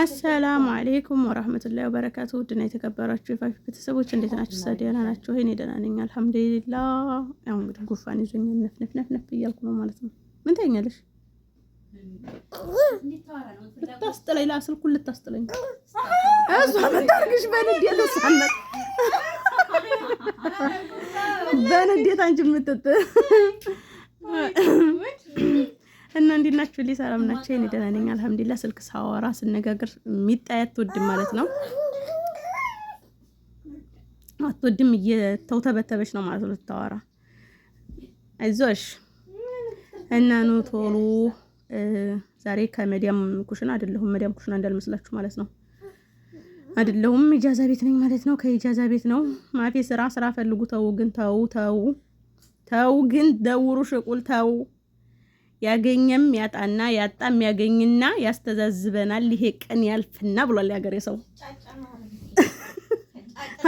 አሰላሙ አሌይኩም ወረህመቱ ላይ ወበረካቱ። ውድና የተከበራችሁ የፋፊ ቤተሰቦች እንዴት ናችሁ? ሰዲያና ናቸው። ይሄ ደህና ነኝ አልሐምዱሊላ። ያው እንግዲህ ጉፋን ይዞኝ ነፍነፍነፍነፍ እያልኩ ነው ማለት ነው። ምን ታኛለሽ? ልታስጥለኝ ላስልኩን ልታስጥለኝ እሷ ምታርግሽ በንዴት ልሳነት በንዴት አንቺ የምትጥ እና እንዴት ናችሁ? ሰላም ናቸው? እኔ ደህና ነኝ አልሐምዱሊላህ። ስልክ ሳወራ ስነጋገር ሚጣይ አትወድም ማለት ነው። አትወድም እየተውተበተበች ነው ማለት ነው ልታወራ። አይዞሽ እና ኑ ቶሎ። ዛሬ ከመዲያም ኩሽና አይደለሁም፣ መዲያም ኩሽና እንዳልመስላችሁ ማለት ነው አይደለሁም። ኢጃዛ ቤት ነኝ ማለት ነው። ከኢጃዛ ቤት ነው ማፌ ስራ ስራ ፈልጉ። ተው ግን ተው ተው ተው ግን ደውሩ ሽቁል ተው ያገኘም ያጣና ያጣም ያገኝና ያስተዛዝበናል። ይሄ ቀን ያልፍና ብሏል ያገሬ ሰው።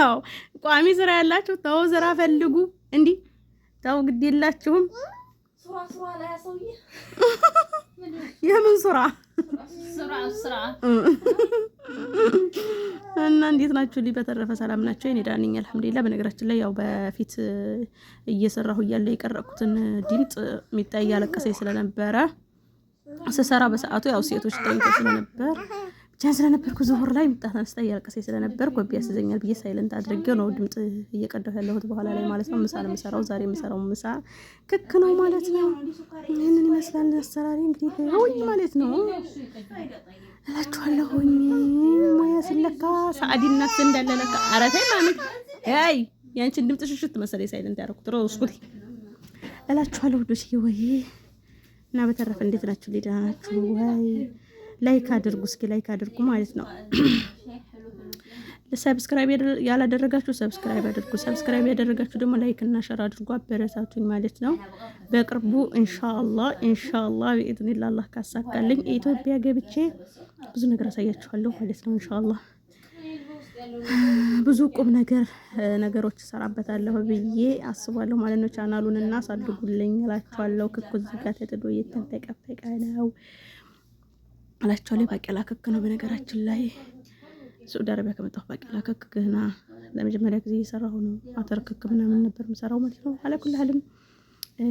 አዎ ቋሚ ስራ ያላችሁ ተው ስራ ፈልጉ። እንዲህ ተው ግድ የላችሁም። የምን ስራ እና እንዴት ናችሁ? ሊ በተረፈ ሰላም ናቸው። እኔ ዳንኝ ነኝ በነገራችን ላይ ያው በፊት እየሰራሁ እያለሁ የቀረቁትን ድምፅ ሚጣ እያለቀሰኝ ስለነበረ ስሰራ በሰዓቱ ያው ሴቶች ተኝተው ስለነበር ብቻ ስለነበርኩ ዙሁር ላይ ምጣት አነስታ እያለቀሴ ስለነበር ወቢ ያስዘኛል ብዬ ሳይለንት አድርጌው ነው ድምፅ እየቀዳሁ ያለሁት በኋላ ላይ ማለት ነው። ምሳ ነው ዛሬ የምሰራው ምሳ ክክ ነው ማለት ነው። ይህንን ይመስላል አሰራሪ እንግዲህ ውይ ማለት ነው እላችኋለሁኝ። ሙያ ስለካ ሰአዲ እናት እንዳለ ለካ ኧረ ተይ ማሚት አይ ድምፅ ሽሽት መሰለኝ ሳይለንት ያደረኩት ሮስኩት እላችኋለሁ። ዶሽ ወይ እና በተረፈ እንዴት ናችሁ? ደህና ወይ? ላይክ አድርጉ፣ እስኪ ላይክ አድርጉ ማለት ነው። ሰብስክራይብ ያላደረጋችሁ ሰብስክራይብ አድርጉ። ሰብስክራይብ ያደረጋችሁ ደግሞ ላይክ እና ሸር አድርጉ፣ አበረታቱኝ ማለት ነው። በቅርቡ ኢንሻአላ ኢንሻአላ በኢዝኒላ አላህ ካሳካልኝ ኢትዮጵያ ገብቼ ብዙ ነገር አሳያችኋለሁ ማለት ነው። ኢንሻአላ ብዙ ቁም ነገር ነገሮች እሰራበታለሁ ብዬ አስባለሁ ማለት ነው። ቻናሉን እና አሳድጉልኝ እላችኋለሁ። ክኩ እዚህ ጋር ተጥዶ እየተንጠቀፈቀ ነው። እላቸው ላይ ባቄላ ክክ ነው። በነገራችን ላይ ሳዑዲ አረቢያ ከመጣሁ ባቄላ ክክ ገና ለመጀመሪያ ጊዜ እየሰራሁ ነው። አተር ክክ ምናምን ነበር የምሰራው ማለት ነው። አላኩልህልም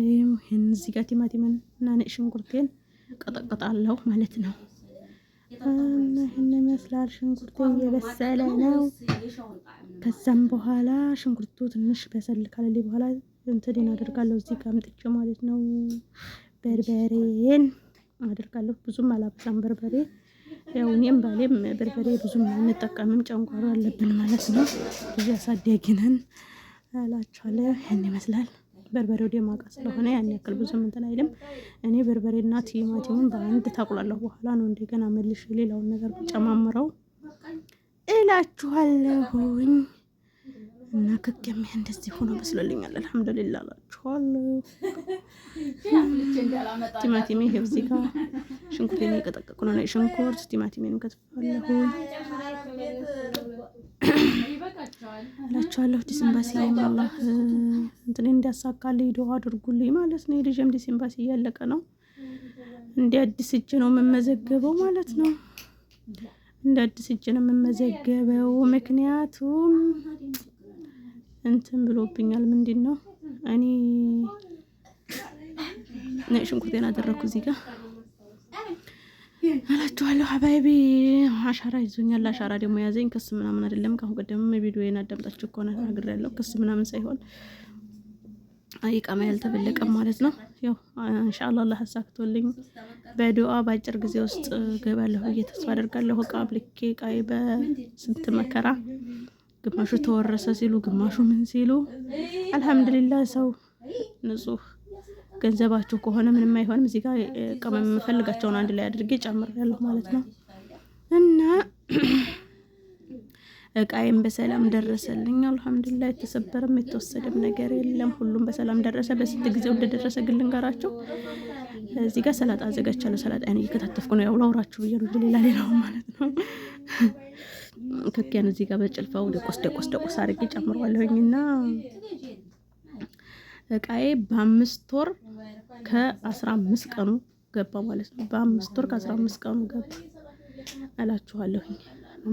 ይህን እዚህ ጋር ቲማቲምን እና ነጭ ሽንኩርቴን ቀጠቅጣለሁ ማለት ነው። ይህን ይመስላል። ሽንኩርቴን እየበሰለ ነው። ከዛም በኋላ ሽንኩርቱ ትንሽ በሰል ካለሌ በኋላ እንትዴን አደርጋለሁ እዚህ ጋር አምጥቼ ማለት ነው በርበሬን አድርጋለሁ። ብዙም አላበዛም በርበሬ። ያው እኔም ባሌም በርበሬ ብዙም አንጠቀምም፣ ጨንጓሮ አለብን ማለት ነው። ብዙ ያሳደግነን ነን ይህን ይመስላል። በርበሬው ደማቃ ስለሆነ ያን ያክል ብዙም እንትን አይልም። እኔ በርበሬና ቲማቲሙን በአንድ ታቁላለሁ። በኋላ ነው እንደገና መልሽ ሌላውን ነገር ጨማምረው እላችኋለሁኝ። እና ክቅሜ እንደዚህ ሆኖ መስሎልኛል። አልሐምዱሊላ እላችኋለሁ። ቲማቲሜ ይሄው እዚህ ጋር ሽንኩርቴን እየቀጠቀጥኩ ነው። ሽንኩርት ቲማቲሜን ከትፋለሁ እላችኋለሁ። ዲስምባሲ አላህ እንትን እንዲያሳካልኝ ዱዓ አድርጉልኝ ማለት ነው። የልጅም ዲስምባሲ እያለቀ ነው። እንደ አዲስ እጅ ነው የምመዘገበው ማለት ነው። እንደ አዲስ እጅ ነው የምመዘገበው ምክንያቱም እንትን ብሎብኛል። ምንድን ነው እኔ ነጭ ሽንኩርቴን አደረግኩ እዚህ ጋር አላችኋለሁ። ሀባይቢ አሻራ ይዞኛል። አሻራ ደግሞ ያዘኝ። ክስ ምናምን አይደለም። ከአሁን ቀደምም ቪዲዮዬን አዳምጣችሁ ከሆነ ያለው ክስ ምናምን ሳይሆን ይቃማ ያልተበለቀም ማለት ነው። ያው ኢንሻአላህ አላህ አሳክቶልኝ በዱአ በአጭር ጊዜ ውስጥ ገባለሁ ብዬ ተስፋ አደርጋለሁ። እቃ አብልኬ ቃይ በስንት መከራ ግማሹ ተወረሰ ሲሉ፣ ግማሹ ምን ሲሉ። አልሐምዱሊላህ ሰው ንጹህ ገንዘባችሁ ከሆነ ምንም አይሆንም። እዚህ ጋር ቅመም የምፈልጋቸውን አንድ ላይ አድርጌ ጨምሬያለሁ ማለት ነው እና እቃይም በሰላም ደረሰልኝ አልሐምዱሊላ። የተሰበረም የተወሰደም ነገር የለም። ሁሉም በሰላም ደረሰ። በስንት ጊዜው እንደደረሰ ግን ልንገራችሁ እዚህ ጋር ሰላጣ አዘጋጅቻለሁ። ሰላጣ አይነት እየከታተፍኩ ነው። ያው ላውራችሁ ብዬ ነው ሌላ ሌላው ማለት ነው። ከኪያን እዚህ ጋር በጭልፋው ደቆስ ደቆስ ደቆስ አድርጌ ጨምሯለሁኝ እና እቃዬ በአምስት ወር ከአስራ አምስት ቀኑ ገባ ማለት ነው። በአምስት ወር ከአስራ አምስት ቀኑ ገባ እላችኋለሁኝ።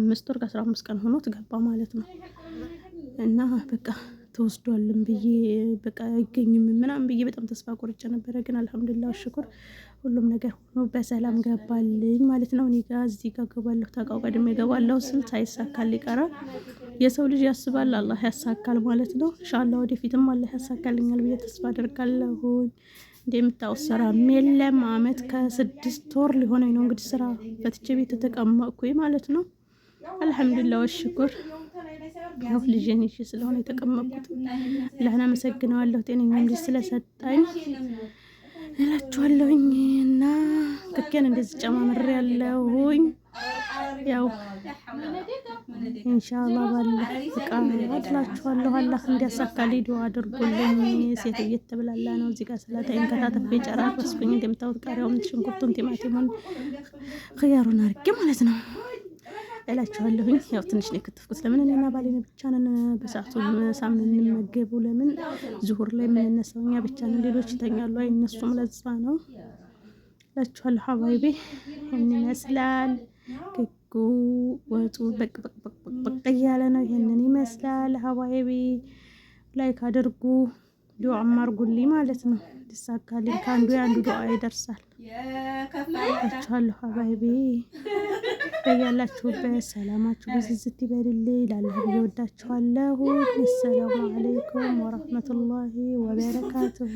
አምስት ወር ከአስራ አምስት ቀን ሆኖት ገባ ማለት ነው እና በቃ ተወስዷልም ብዬ በቃ አይገኝም ምናምን ብዬ በጣም ተስፋ ቆርጬ ነበረ። ግን አልሐምዱላ ሽኩር ሁሉም ነገር ሆኖ በሰላም ገባልኝ ማለት ነው። እኔ ጋር እዚህ ጋር ገባለሁ ታውቃው ቀድሜ ገባለሁ ስል ሳይሳካል ይቀራል። የሰው ልጅ ያስባል፣ አላህ ያሳካል ማለት ነው። እንሻላ ወደፊትም አላህ ያሳካልኛል ብዬ ተስፋ አደርጋለሁኝ። እንደምታውስ ስራ የለም። አመት ከስድስት ወር ሊሆነኝ ነው እንግዲህ ስራ ፈትቼ ቤት ተቀመጥኩኝ ማለት ነው። አልሐምዱላ ወሽኩር ያው ልጄን ይዤ ስለሆነ የተቀመጥኩት አላህን አመሰግነዋለሁ ጤነኛ ልጅ ስለሰጠኝ እላችኋለሁኝ። እና ክኬን እንደዚህ ጨማምሬ ያለሁኝ ያው ኢንሻአላህ ባለ ፍቃ አድላችኋለሁ። አላህ እንዲያሳካልኝ ዱአ አድርጉልኝ። ሴት እየተብላላ ነው እዚህ ጋር ስለታይን ከታተፍ ጨራር ወስኩኝ። ቃሪያውን፣ ሽንኩርቱን፣ ቲማቲሙን፣ ኽያሩን አድርጌ ማለት ነው እላችኋለሁኝ። ያው ትንሽ ነው የከተፍኩት። ለምን እኔና ባሌን ብቻ ነን በሰዓቱ ሳምን የምንመገበው። ለምን ዙሁር ላይ የምንነሳው እኛ ብቻ ነን፣ ሌሎች ይተኛሉ አይነሱም። ለዛ ነው እላችኋለሁ። ሀባይቤ ይህን ይመስላል ግጉ ወጡ በቅበቅበቅበቅ እያለ ነው። ይህንን ይመስላል ሀባይቤ። ላይክ አድርጉ። ዱዓም አድርጉልኝ ማለት ነው። ልሳካልኝ ከአንዱ የአንዱ ዱዓ ይደርሳል። ቻለሁ አባይቤ በያላችሁበት ሰላማችሁ ብዝዝት ይበልልኝ። ላለሁ እወዳችኋለሁ። አሰላሙ አለይኩም ወረህመቱላሂ ወበረካቱሁ።